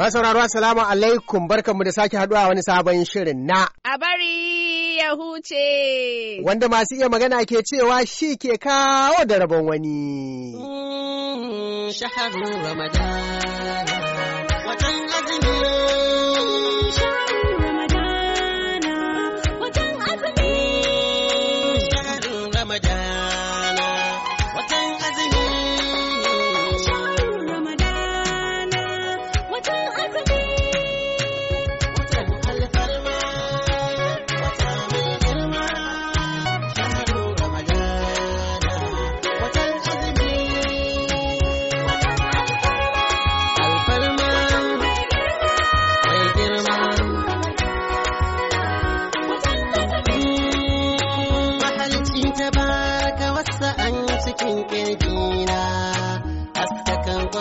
Masu sauraro assalamu alaikum barkanmu da sake haduwa wani sabon shirin na. A bari ya huce. Wanda masu iya magana ke cewa shi ke kawo da rabon wani. Mm, Shahararru Ramadan, watan azumi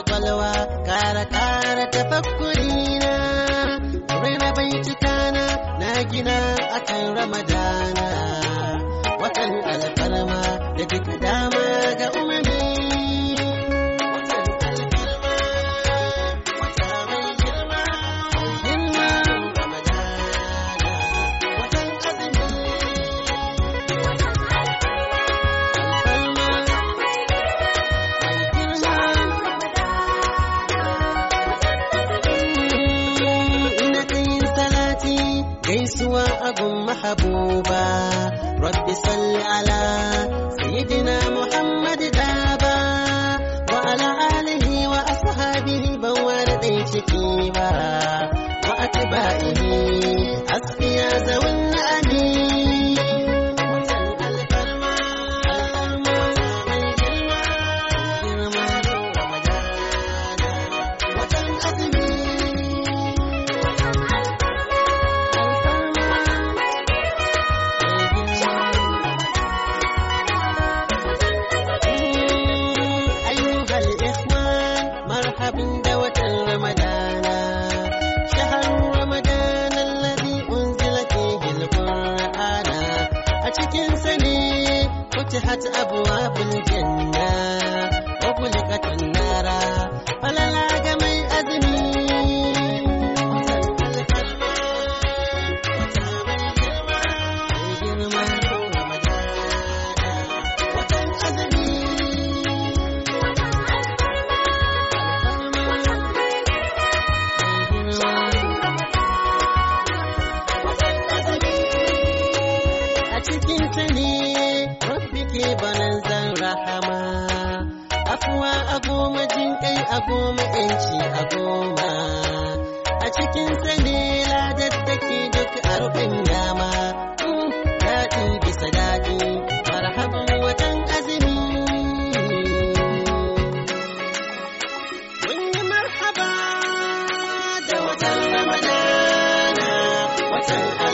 kwakwalwa kara kara tafakkuri na raina bincika na na gina akan ramadana abuba rabbi salli ala sayyidina muhammad daba wa ala alihi wa ashabihi ban wani ciki ba wa atba'ihi askiya zawi Thank you.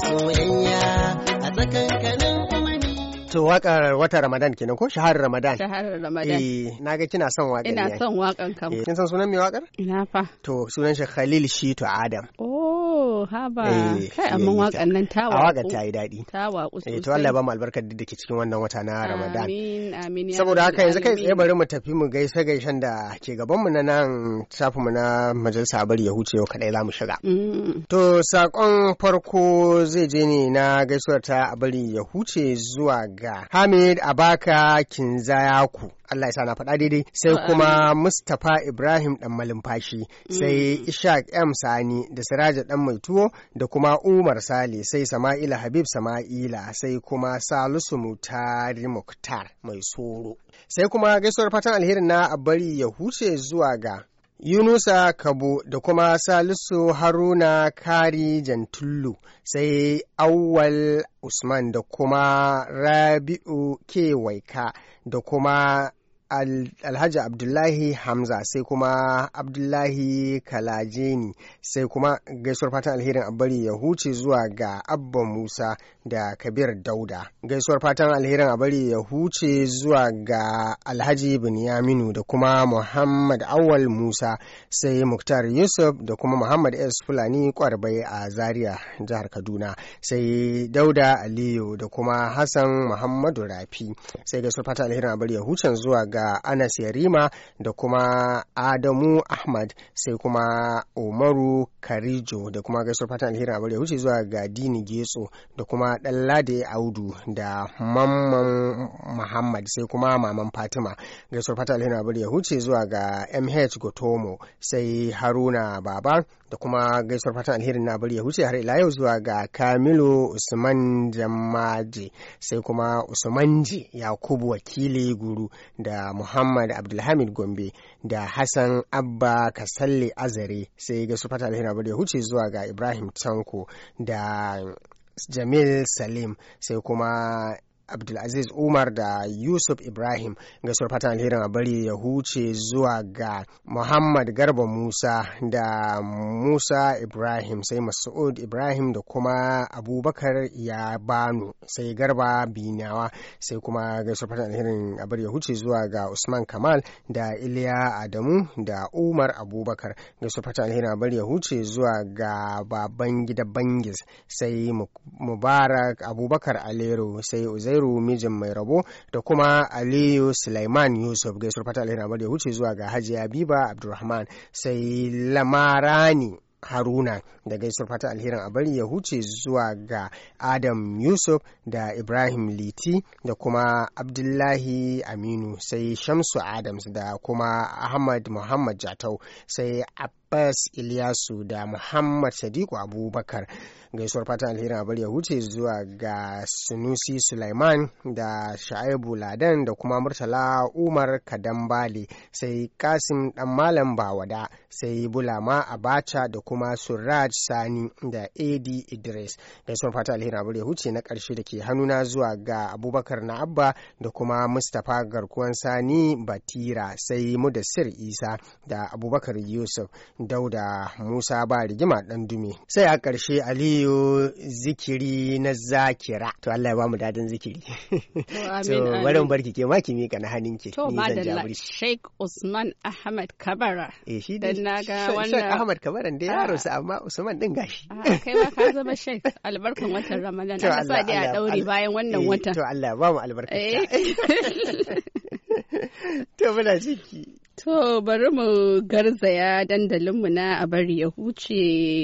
soya To wakar wata Ramadan kenan ko shahar Ramadan? Shahar Ramadan. Eh, na ga kina son wakar. Ina son wakan kam. Eh, kin san sunan me wakar? Ina fa. To sunan shi Khalil to Adam. Oh, haba. Eh, kai eh, amma wakan nan ta A wakar ta yi daɗi. Ta waƙu sosai. Eh, to Allah ya ba mu albarkar da ke cikin wannan wata na Ramadan. Amin, amin. Saboda haka yanzu kai sai bari mu tafi mu gaisa gaishen da ke gaban mu na nan shafin mu na majalisa bari ya huce yau kadai za mu shiga. Mm. To sakon farko zai je ne na gaisuwar ta a bari ya huce zuwa daga Hamid Abaka Kinzayaku. Allah ya sa na faɗa daidai sai kuma Mustapha Ibrahim ɗan malumfashi sai mm. Ishaq M Sani da Siraja ɗan mai tuwo da kuma Umar Sale sai Sama'ila Habib Sama'ila sai kuma Salisu Mutari Muktar mai soro sai kuma gaisuwar fatan alherin na a bari ya huce zuwa ga Yunusa Kabo da kuma Salisu Haruna Kari Jantullu sai Awwal Usman da kuma Rabi'u Kewaika da kuma Alhaji Abdullahi Hamza sai kuma Abdullahi Kalajeni sai kuma gaisuwar fatan alherin abari ya huce zuwa ga Abba Musa da kabir dauda gaisuwar fatan alherin a bari ya huce zuwa ga alhaji binyaminu da kuma muhammad awal musa sai muktar yusuf da kuma muhammad s fulani kwarbai a zaria jihar kaduna sai dauda aliyu da kuma hassan muhammadu rafi sai gaisuwar fatan alherin a bari ya huce zuwa ga anas yarima da kuma adamu ahmad sai kuma umaru karijo da kuma gaisuwar fatan alherin a bari ya huce zuwa ga dini getso da kuma kuma ɗanlade audu da mamman muhammad sai kuma maman fatima gaisuwar fata alhina abu ya huce zuwa ga mh gotomo sai haruna baba da kuma gaisuwar fatan alherin na bari ya huce har ila yau zuwa ga kamilu usman jamaje sai kuma usmanji yakubu wakili guru da muhammad abdulhamid gombe da hassan abba kasalle azare sai gaisuwar fatan alherin na bari ya huce zuwa ga ibrahim tanko da jamil salim sai kuma Abdulaziz Umar da Yusuf Ibrahim gaisuwar fatan alherin a bari ya huce zuwa ga Muhammad Garba Musa da Musa Ibrahim sai Masud Ibrahim da kuma Abubakar ya banu sai Garba Binawa sai kuma gaisuwar fatan alherin a bari ya huce zuwa ga Usman Kamal da Iliya Adamu da Umar Abubakar gaisuwar fatan alherin a bari ya huce zuwa ga Babangida Bangis sai Mubarak Abubakar Alero sai Uzairu Zubairu mijin mai rabo da kuma Aliyu Sulaiman Yusuf gaisuwar fata a Ahmad ya huce zuwa ga Hajiya Biba Abdulrahman sai Lamarani haruna da gaisuwar fata alherin a bari ya huce zuwa ga adam yusuf da ibrahim liti da kuma abdullahi aminu sai shamsu adams da kuma ahmad muhammad jatau sai Abbas Ilyasu da Muhammad Sadiku Abubakar. Gaisuwar fatan alherin abar ya huce zuwa ga Sunusi Sulaiman da Sha'ibu Ladan da kuma Murtala Umar Kadambale sai Kasim Dan Malam Bawada sai Bulama Abacha da kuma Suraj Sani da AD Idris. Gaisuwar fatan alherin abar ya huce na ƙarshe da ke hannuna zuwa ga Abubakar na Abba da kuma Mustapha Garkuwan Sani Batira sai Mudassir Isa da Abubakar Yusuf dauda musa ba rigima dan dume sai a ƙarshe aliyu zikiri na zakira to allah ya ba mu dadin zikiri to bari barki ke ki mika na hannun ke to da Sheik usman ahmad kabara eh shi da naga wannan sheikh ahmad kabara da yaro sa amma usman din gashi ah, kai ma ka zama sheikh albarkan watan ramadan Allah sa dai a daure bayan wannan eh, watan to allah ya ba mu albarkar eh. to muna ciki To bari mu garzaya dandalinmu na a bari ya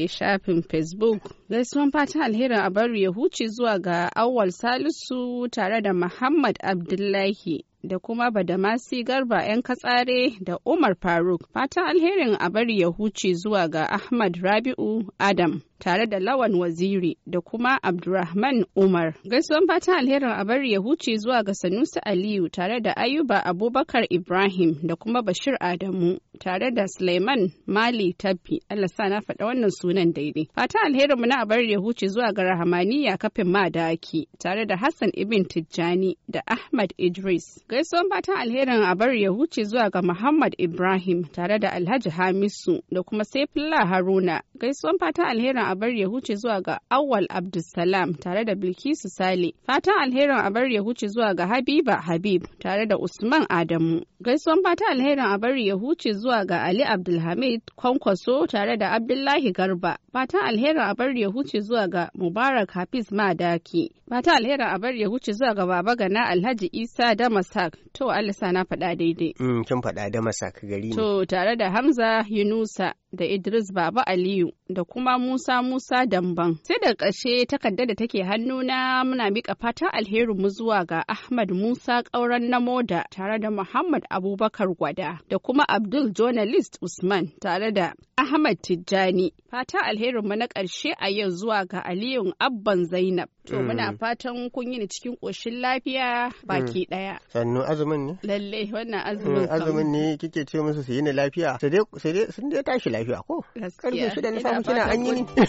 shafin Facebook. Gaisuwan fatan alherin a bari ya zuwa ga Awwal Salisu tare da Muhammad Abdullahi da kuma Badamasi Garba 'yan katsare da Umar Faruk. Fatan alherin a bari ya huce zuwa ga Ahmad Rabi'u Adam tare da Lawan Waziri da kuma Abdurrahman Umar. Gaisuwan fatan alherin a bari ya huce zuwa ga Sanusi Aliyu tare da Ayuba Abubakar Ibrahim da kuma Bashir Adamu tare da Suleiman Mali Tabbi. Allah sa na faɗa wannan sunan daidai. Fatan alherin mu na bari ya huce zuwa ga Rahamaniya kafin Ma Madaki tare da Hassan Ibin Tijjani da Ahmad Idris. Gaisuwan fatan alherin a bari ya huce zuwa ga Muhammad Ibrahim tare da Alhaji Hamisu da kuma Saifullah Haruna. Gaisuwan fatan alherin a bar ya huce zuwa ga Awwal Abdulsalam tare da Bilkisu Sale. Fatan alherin a bar ya huce zuwa ga Habiba Habib tare da Usman Adamu. Gaisuwan fatan alherin a bar ya huce zuwa ga Ali Abdulhamid Kwankwaso tare da Abdullahi Garba. Fatan alherin a bar ya huce zuwa ga Mubarak Hafiz Madaki. Fatan alherin a bar ya huce zuwa ga Baba Gana Alhaji Isa Damasak. To Allah na faɗa daidai. Mm, kin faɗa Damasak gari ne. To tare da Hamza Yunusa da Idris Baba Aliyu da kuma Musa Musa Damban. Sai da ƙarshe takarda da take hannuna muna miƙa fatan mu zuwa ga Ahmad Musa ƙauren na moda tare da Muhammad Abubakar Gwada da kuma Abdul Journalist Usman tare da Ahmad Tijjani. Fatan mu na ƙarshe a yau zuwa ga Aliyu Abban Zainab. To hmm. muna fatan kun yi cikin ƙoshin lafiya baki hmm. ɗaya. Sannu azumin ne? Lalle wannan hmm, azumin. Azumin ne kike ce musu su yi ni lafiya. Sai dai sun dai tashi lafiya ko? Gaskiya. Karfe shida na samu kina an yi ni.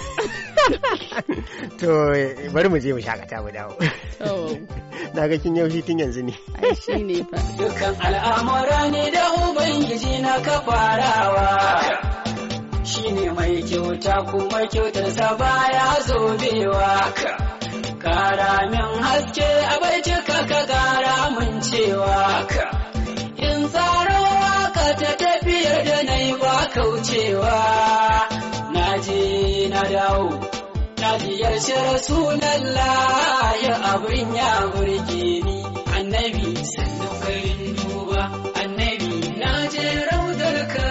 to bari mu je mu shakata mu dawo oh. na ga kin yaushe tun yanzu ne shi ne fa dukkan al'amura ne da ubangiji na ka farawa shi ne mai kyauta kuma kyautar sa baya zobewa kara min haske a bai cika ka kara min cewa in tsaro ka ta tafiyar da na yi ba kaucewa na na dawo na ziyarci rasulallah ya abin ya burge ni annabi sannan duba annabi na je raudar ka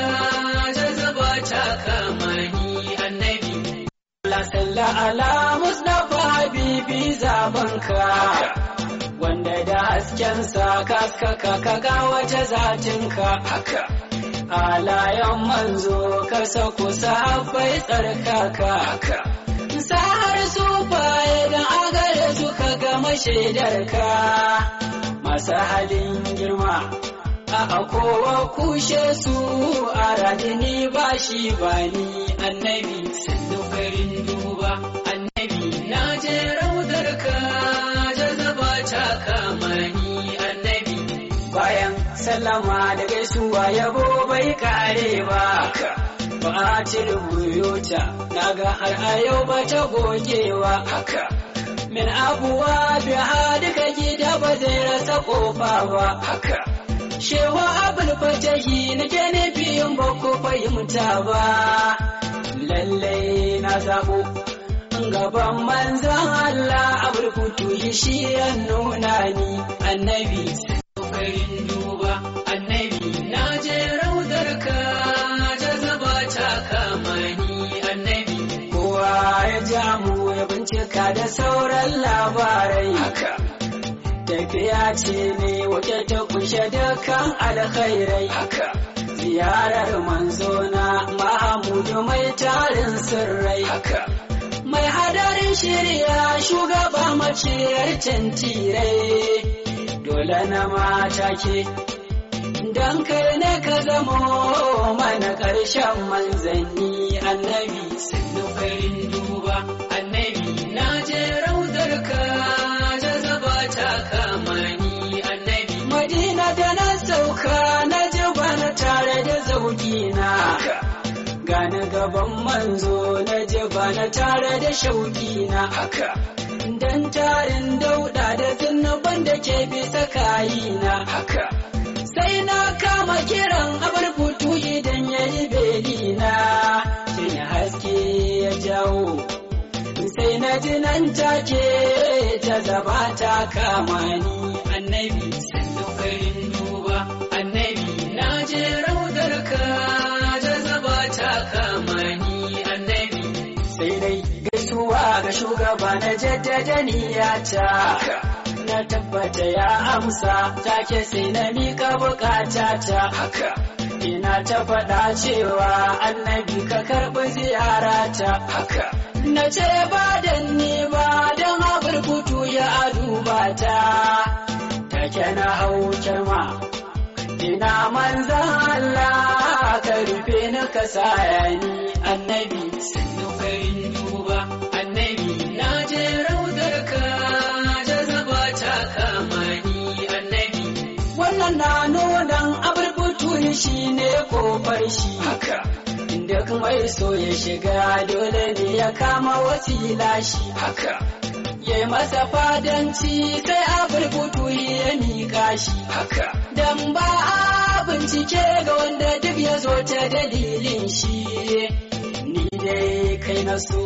zaba ta kama ni annabi la salla ala mustafa habibi zaban ka wanda da hasken sa kaskaka kaga wace zatinka haka halayen manzo ka sako sahabbai tsarkaka sahar su faye don agare su ka gama shaidarka masu halin girma a kowa kushe su a radini ba shi ba ni annabi sun garin duba sallama da gaisuwa yabo bai kare ba ba ta na ga har a yau ba ta gogewa haka min abuwa biya duka gida ba zai rasa kofa ba haka shewa abul fatahi na ke ne biyun ba ko fahimta ba lallai na zabo gaban manzan Allah abul yi shi ya nuna ni annabi kokarin duba da sauran labarai tafiya ce ne wake ta kushe dukkan alkhairai ziyarar manzo na mahamudu mai tarin sirrai mai hadarin shirya shugaba maciyar tantirai dole na mata ke don kai ne ka zamo mana ƙarshen manzanni annabi sun farin duba gaban manzo na jiba na tare da shauki na haka dan tarin dauda da zunuban da ke bisa na haka sai na kama kiran abar futu idan ya yi belina shi haske ya jawo sai na ji nan take ta zaba ta kama ni shugaba na jaddada niyata na tabbata ya amsa take sai na mika bukata ta ina ta faɗa cewa annabi ka karɓi ziyarata haka na ce ba dan ni ba don haɓurkutu ya aduba ta take na hau ma ina manzan Allah ka rufe ni ka saya ni annabi sannu farin duba kofar shi duk mai so ya shiga dole ne ya kama wasu shi haka ya masa fadanci sai a burbutu ya miƙa shi haka dan ba a bincike ga wanda duk ya zo ta dalilin shi ni dai kai na so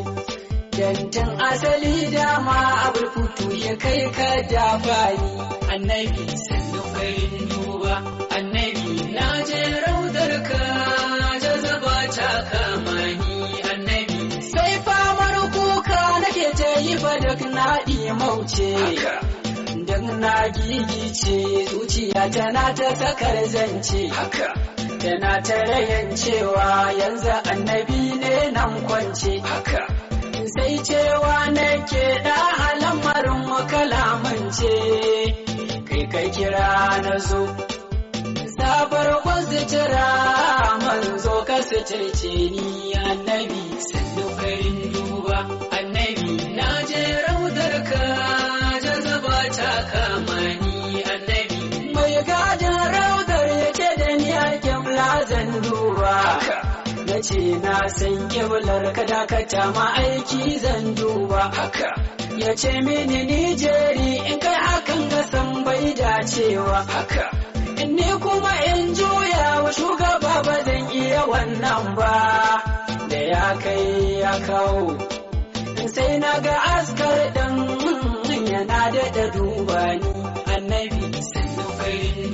dantan asali dama a burbutu ya kai ka dafa ni annabi sannu farin duba annabi na jera fa duk naɗi mauce. Duk na gigice zuciya tana ta sakar zance. Tana ta rayan cewa yanzu annabi ne nan kwance. Sai cewa na nake da alamarin mu Kai kai kira na zo. Sabar ku jira manzo ka su ni annabi. ce na san kebular ka dakata ma aiki zan duba haka ya ce mini jeri in kai hakan ga san bai dacewa haka in ne kuma in juya wa shugaba ba zan iya wannan ba da ya kai ya kawo sai na ga askar dan yana da duba ni annabi sannu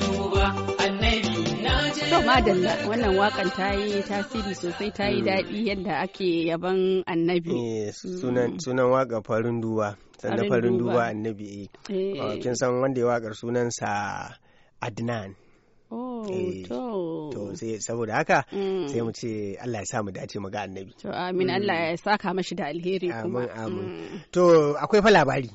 duba To madalla wannan wakan ta yi tasiri sosai ta yi mm. daɗi yadda ake yaban annabi. Mm. Sunan waka farin duba, sannan farin duba annabi. Eh. Oh, kin san wanda ya wakar sunansa Adnan. Oh, eh, to sai saboda haka mm. sai mu ce Allah ya sa mu dace mu ga annabi to amin Allah ya saka mashi da alheri kuma amin to akwai fa labari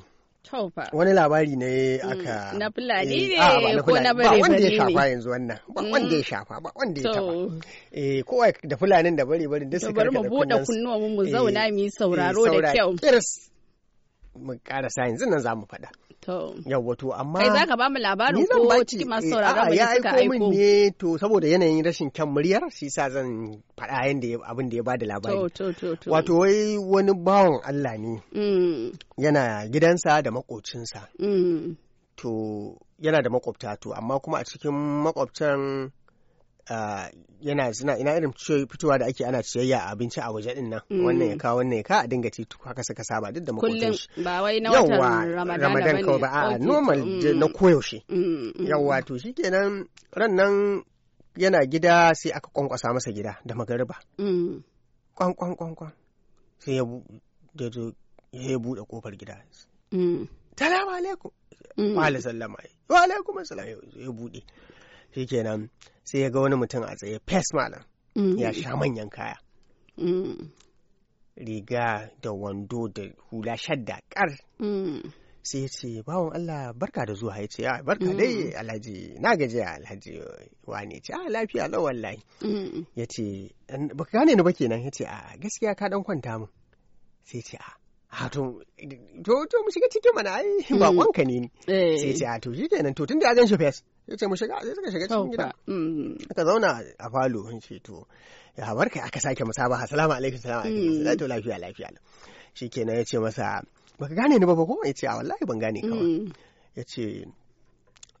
Wani labari ne mm, aka na Fulani eh, ne ko na bare bare ne. Ba wanda ya shafa yanzu wannan. Ba mm. wanda ya shafa ba wanda ya taba. Eh kowa da Fulanin da bare bare da suka da kunnan. Bari mu bude kunnuwa mu eh, zauna mu yi eh, sauraro da kyau. Kiris mu karasa yanzu nan za mu faɗa. Yau wato amma. Kai za ka ba mu labarin ko cikin masu eh, sauraron mu suka aiko. min ne to saboda yanayin rashin kyan muryar shi sa zan faɗa yanda abin da ya bada labari. Wato wai wani bawan Allah ne. Mm. Yana gidansa da makocinsa. Mm. To yana da makwabta to amma kuma a cikin makwabtan yana suna ina irin fitowa da ake ana ciyayya a abinci a waje din nan mm. wannan ya kawo wannan ya ka a dinga ci haka suka saba duk da makotin shi ba wai na watan ramadan kawai ba a normal mm. na koyaushe mm, yawa to shikenan ran nan yana gida sai aka kwankwasa masa gida da magariba kwan kwan kwan kwan sai ya ya buɗe kofar gida salamu alaikum wa alaikum assalam ya buɗe shikenan sai ya ga wani mutum a tsaye fes malam mm. ya sha manyan kaya mm. riga da wando da hula shadda kar mm. sai ya ce bawon Allah barka da zuwa ya ce ya ah, barka dai alhaji na gaji alhaji ne ce a ah, lafiya lau wallahi ya ce baka gane ni ba kenan ya ce a gaskiya ka dan kwanta mu. sai ce a Hato, to, to mu shiga cikin mana ai ba kwanka ne. Eh. Sai ce, a to shi kenan, to tun da ya gan shi fes. ya ce mu shiga sai suka shiga cikin gida mm. aka zauna a falo in ce to ya barka aka sake musabaha salamu alaikum salamu alaikum mm. sai to lafiya lafiya shikenan ya ce masa baka gane ni ba ko ya ce a wallahi ban gane ka mm. ya ce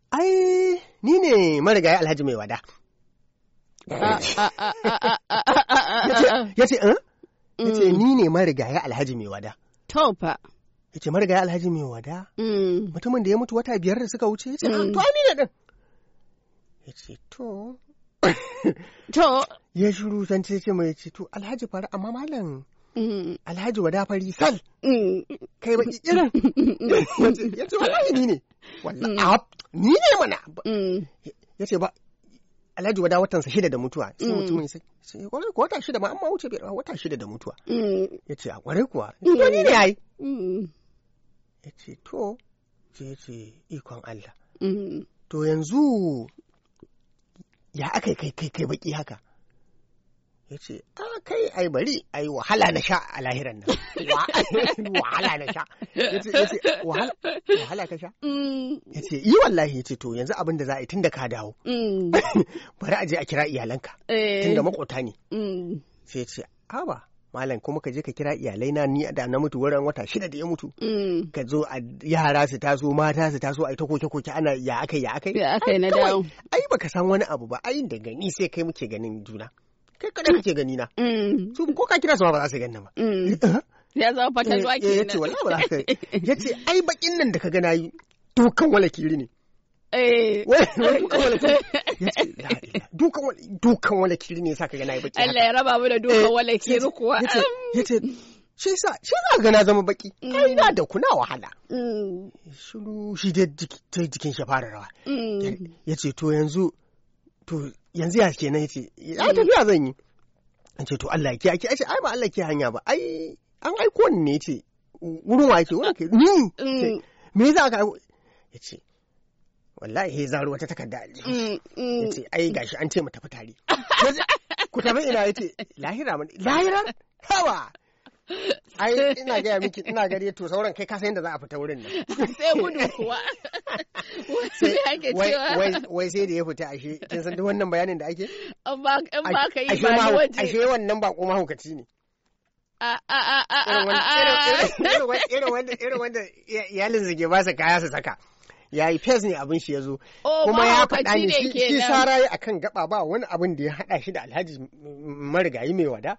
ai ni ne marigayi alhaji mai wada ya ce ya ce eh? ni ne marigayi alhaji mai wada taufa ya ce marigayi alhaji mai wada mutumin da ya mutu wata biyar da suka wuce ya ce ah, to ai ni ne din ya ce to to ya shuru san ce ce mai ce to alhaji fara amma malam mm. alhaji wada fari sal mm. kai baki irin ya ce wallahi ni ne wallahi mm. ni ne mana ya ce ba Alhaji wada watansa shida da mutuwa. Sai mutum sai ce eh, kwarai kuwa wata shida ma amma wuce bai wata shida da mutuwa. Ya ce kwarai kuwa. Ya ni ne yayi. Ya ce to ce ce ikon Allah. To yanzu ya aka kai kai kai baki haka ya ce a kai ai bari ai wahala na sha a lahiran nan wahala na sha ya ce wahala ka sha mm. ya ce yi wallahi ya ce to yanzu abin da za a yi tunda ka dawo mm. bari a je a kira iyalanka eh. tunda makota ne mm. sai ya ce a ba malam kuma ka je ka kira iyalai na ni da na mutu wurin wata shida da ya mutu mm. ka zo a yara su taso mata su taso ai ta koke koke ana ya akai ya akai ya akai na dawo ai baka san wani abu ba ai da gani sai kai muke ganin juna kai kada kake gani na mm. su ko ka kira su mm. eh, eh, ba za su gani ba ya zama fatan zuwa kenan ya ce wallahi ba za ka ya ce ai bakin nan da ka ga nayi to kan wala kiri ne Eh. dukan wala kiri ne sa ka yi baki Allah ya raba mu da dukan eh, wala kiri kuwa yace shi sa shi za ga na zama baki kai mm. na da kuna wahala mm. shiru shi dai jikin shi fara rawa mm. yace to yanzu to yanzu ya kenan yace ya tafiya zan yi ce to Allah ki ake ce ai ba Allah ke hanya ba ai an aiko ni ne ce wurin wa yake wurin ke ni me yasa aka aiko yace wallahi he zaro wata takarda a mm, mm. ce ai gashi an ce mu tafi tare ku tafi ina yace lahira mun lahira hawa ai ina gaya miki ina gari to sauran kai ka san yadda za a fita wurin nan sai gudu kuwa wai sai da ya fita ashe kin san duk wannan bayanin da ake in ba ka yi ba waje ashe wannan ba kuma hukaci ne a wanda iyalin zige ba su kaya su saka ya yi fes ne abin shi ya zo oh, kuma ya faɗa ne shi sara ya akan gaba ba wani abin da ya haɗa shi da alhaji marigayi mai wada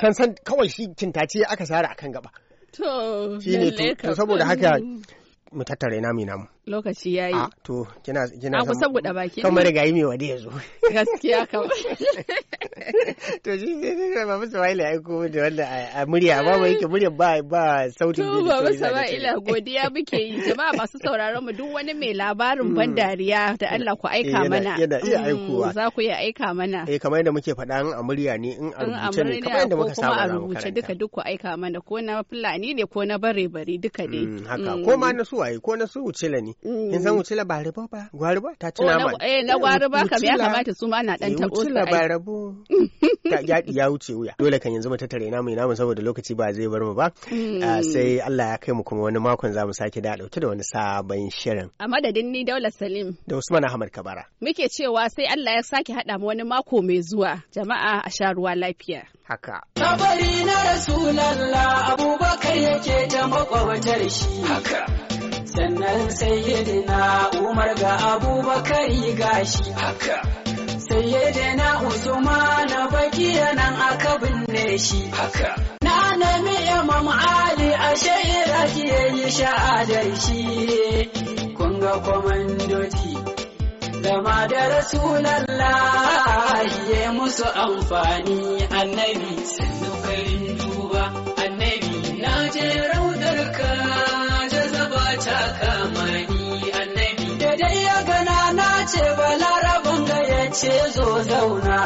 san san kawai shi kintace aka sara akan gaba to shi ne to saboda haka mu tattare nami namu. Lokaci ya yi. Ah, to, kina kina. Aku baki. Kan marigayi mai wada ya zo. Gaskiya kawai. to shi ne ba masa ba ila komo da wanda a murya ba ba yake murya ba ba sautin da ba ila godiya muke yi jama'a masu sauraron mu duk wani mai labarin mm. ban dariya da Allah ku aika eh, mana yana iya mm, aikowa za ku iya aika mana eh kamar yadda muke faɗa a murya ne in a rubuce ne kamar yadda muka saba a rubuce duka duk ku aika mana ko na Fulani ne ko na bare bare duka dai mm, haka ko ma na waye ko na su wucila ne in san wuce ba riba ba gwariba ta ci nama eh na gwariba kam ya kamata su ma na dan eh, tabo su ba rabo yaɗi ya wuce wuya dole kan yanzu mata tare namu ina saboda lokaci ba zai bar mu ba hmm. ah, sai Allah ya kai mu kuma wani makon za mu sake da dauke da wani sabon shirin a madadin ni Daula Salim da Usman Ahmad Kabara muke cewa sai Allah ya sake haɗa mu wani mako mai zuwa jama'a a sha ruwa lafiya haka kabari na Rasulallah Abubakar yake da makwabtar shi haka sannan sayyidina umar ga abubakar gashi haka na usuma na baki nan aka binne shi haka na mi imam ali ashe iraki yayi sha'adar shi kun ga komandoji zama da rasulallah ya musu amfani annabi sannu duba ce zo zauna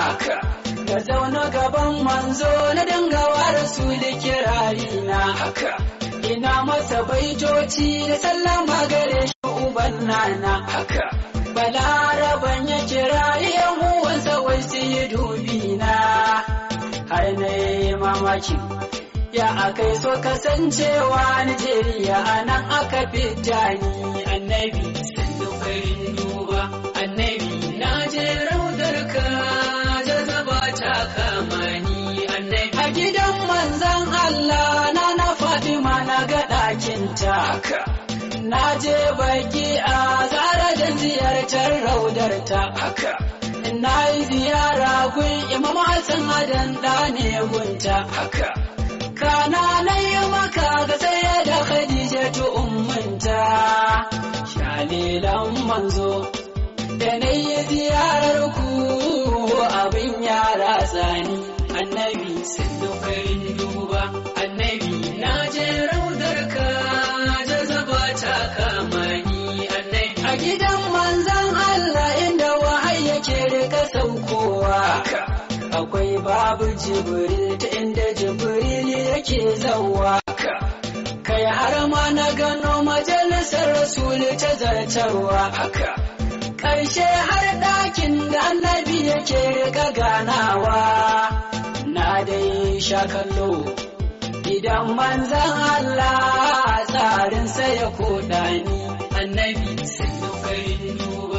na zauna gaban manzo na dangawa rasuli kirari na haka ina masa baitoci da sallama gare shi uban nana haka balaraban ya kira yan uwansa wai su yi dubina. har na yi mamaki ya akai so kasancewa Nijeriya a nan aka fita ni annabi taka na je baki a da ziyartar raudarta haka na yi ziyara kun imam hassan adan da ne gunta haka kana na yi maka ga sai da khadija tu ummunta shalilan manzo da na yi ziyarar ku abin yara tsani annabi sun duba annabi na jeran akwai babu jibril ta inda jibril yake zawa kai har ma na gano majalisar rasul ta zartarwa haka ƙarshe har ɗakin da annabi yake riga ganawa na dai sha kallo idan manzan Allah tsarinsa ya koda ni annabi sai duba